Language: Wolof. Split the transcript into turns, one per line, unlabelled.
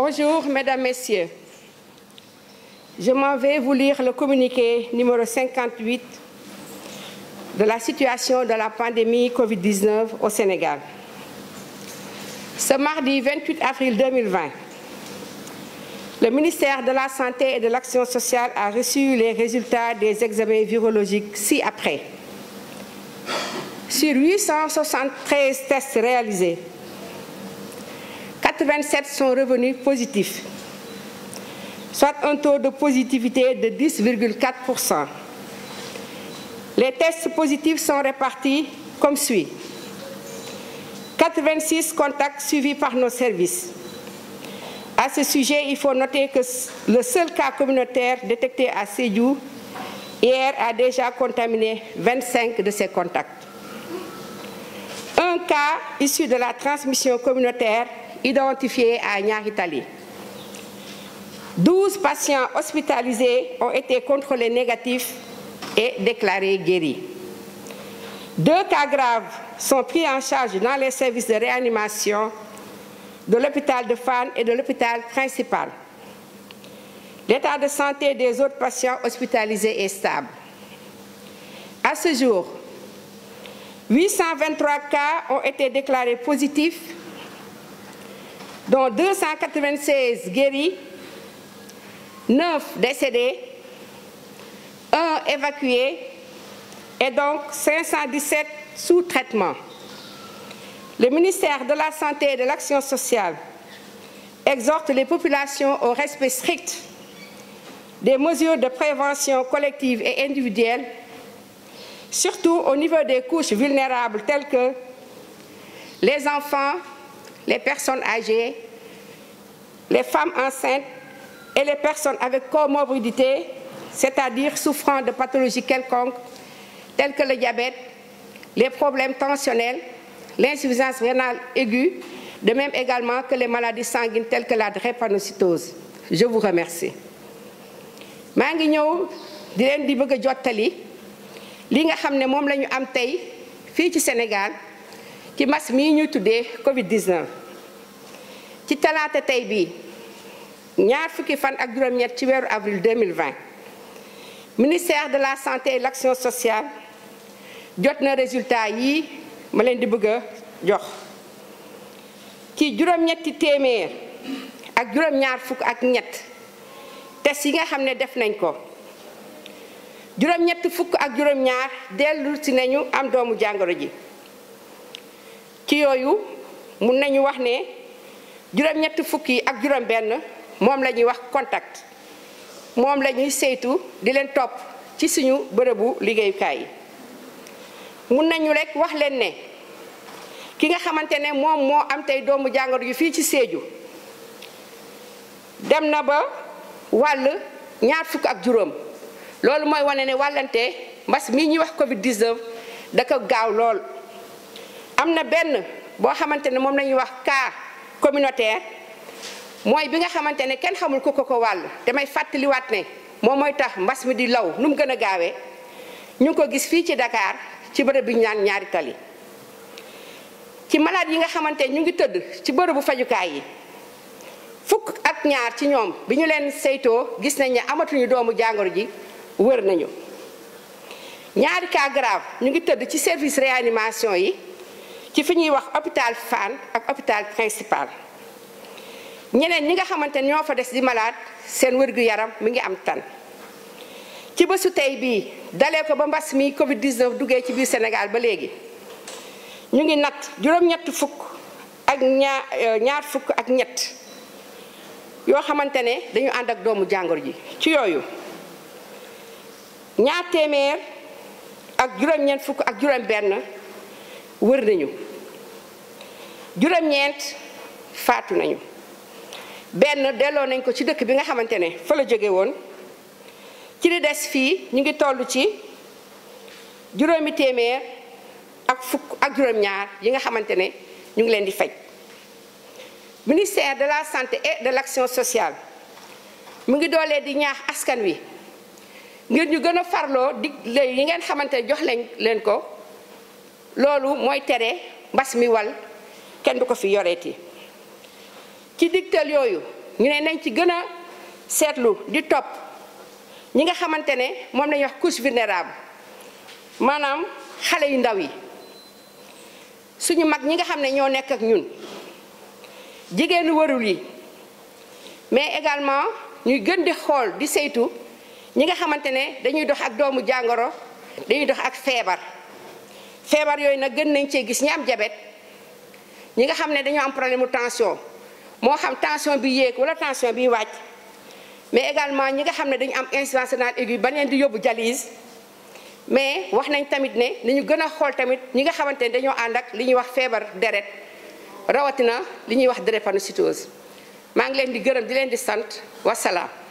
Bonjour, Mesdames, Messieurs. Je m'en vais vous lire le communiqué numéro 58 de la situation de la pandémie covid au Sénégal. Ce mardi 28 avril 2020, le ministère de la Santé de l'Action sociale a reçu les résultats des examens virologiques ci-après. Sur 873 tests réalisés, 87 sont revenus positifs, soit un taux de positivité de 10,4%. Les tests positifs sont répartis comme suit. 86 contacts suivis par nos services. À ce il faut noter que le seul cas communautaire détecté à Sédhiou hier a déjà contaminé 25 de ses contacts. Un cas issu de la transmission communautaire identifiés à Niaritali. 12 patients hospitalisés ont et déclarés guéris. Deux cas graves sont pris en charge les services de de l'hôpital de Fan et de l'hôpital principal. L'état des autres patients hospitalisés est stable. À ce jour, 823 cas dont 296 guéris, 9 décédés, 1 évacué et donc 517 sous traitement. Le ministère de la Santé et de l'Action les populations au respect strict des mesures de prévention collective et individuelle, surtout au niveau des couches vulnérables telles que les enfants, les personnes âgées, les femmes enceintes et les personnes avec comorbidité, c'est-à-dire souffrant de pathologies quelconques telles que le diabète, les problèmes tensionnels, l'insuffisance rénale aiguë, de même également que les maladies sanguines telles que la drépanocytose. Je vous remercie. maa ngi ñëw di leen di bëgg a jottali li nga xam ne moom la ñu am tey fii ci Sénégal ci mas mii ñuy tuddee Covid ci talaata tey bii ñaar fukki fan ak juróom-ñett ci weeru avril 2020 ministère de la santé et l'action sociale jot na résultat yii ma leen di bëgg a jox ci juróom-ñetti téeméer ak juróom-ñaar fukk ak ñett test yi nga xam ne def nañ ko juróom-ñett fukk ak juróom-ñaar dellu si ñu am doomu jàngoro ji. ci yooyu mun nañu wax ne juróom-ñetti fukk yi ak juróom-benn moom la ñuy wax contact moom la ñuy saytu di leen topp ci suñu bërëbu liggéeyukaay yi mun nañu rekk wax leen ne ki nga xamante ne moom moo am tey doomu jàngoro yu fii ci Sédhiou dem na ba wàll ñaar fukk ak juróom loolu mooy wane ne wàllante mbas mii ñuy wax Covid 19 da ko gaaw lool. am na benn boo xamante ne moom la wax cas communautaire mooy bi nga xamante ne kenn xamul ku ko ko wàll te damay fàttaliwaat ne moom mooy tax mbas mi di law nu mu gën a gaawee ñu ngi ko gis fii ci Dakar ci bërëb bi ñu naan ñaari tali ci malade yi nga xamante ñu ngi tëdd ci bërëbu fajukaay yi fukk ak ñaar ci ñoom bi ñu leen saytoo gis nañ ne amatuñu doomu jàngoro ji wër nañu ñaari cas grave ñu ngi tëdd ci service réanimation yi ci fi ñuy wax hôpital fan ak hôpital principal ñeneen ñi nga xamante ñoo fa des di malade seen wér-gu-yaram mu ngi am tan ci bésu tey bii dalee fa ba mbas mi Covid 19 duggee ci biir senegal ba léegi ñu ngi natt juróom-ñett fukk ak ñaar euh, ñaar fukk ak ñett yoo xamante ne dañu ànd ak doomu jàngoro ji ci yooyu ñaar téeméer ak juróom-ñeent fukk ak juróom-benn. wër nañu juróom-ñeent faatu nañu benn delloo nañ ko ci dëkk bi nga xamante ne fa la jóge woon ci li des fii ñu ngi toll ci juróomi téeméer ak fukk ak juróom-ñaar yi nga xamante ne ñu ngi leen di faj ministère de la santé et de l'action sociale mu ngi doolee di ñaax askan wi ngir ñu gën a farloo digle yi ngeen xamante ne jox leen leen ko loolu mooy tere mbas mi wal kenn du ko fi yoreeti ci digtal yooyu ñu ne nañ ci gën a seetlu di topp ñi nga xamante ne moom lañuy wax couche vulnérable maanaam xale yu ndaw yi suñu mag ñi nga xam ne ñoo nekk ak ñun jigéenu warul yi mais également ñuy gën di xool di saytu ñi nga xamante ne dañuy dox ak doomu jàngoro dañuy dox ak feebar feebar yooyu nag gën nañ cee gis ñi am jabet ñi nga xam ne dañoo am problème mu tension moo xam tension bi yéeg wala tension bi wàcc mais également ñi nga xam ne dañu am insuffisance rénale aiguë ba leen di yóbbu dialyse mais wax nañ tamit ne ni ñu gën a xool tamit ñi nga xamante ne dañoo ànd ak li ñuy wax feebar deret rawatina li ñuy wax drépanocytose maa ngi leen di gërëm di leen di sant wasalaam.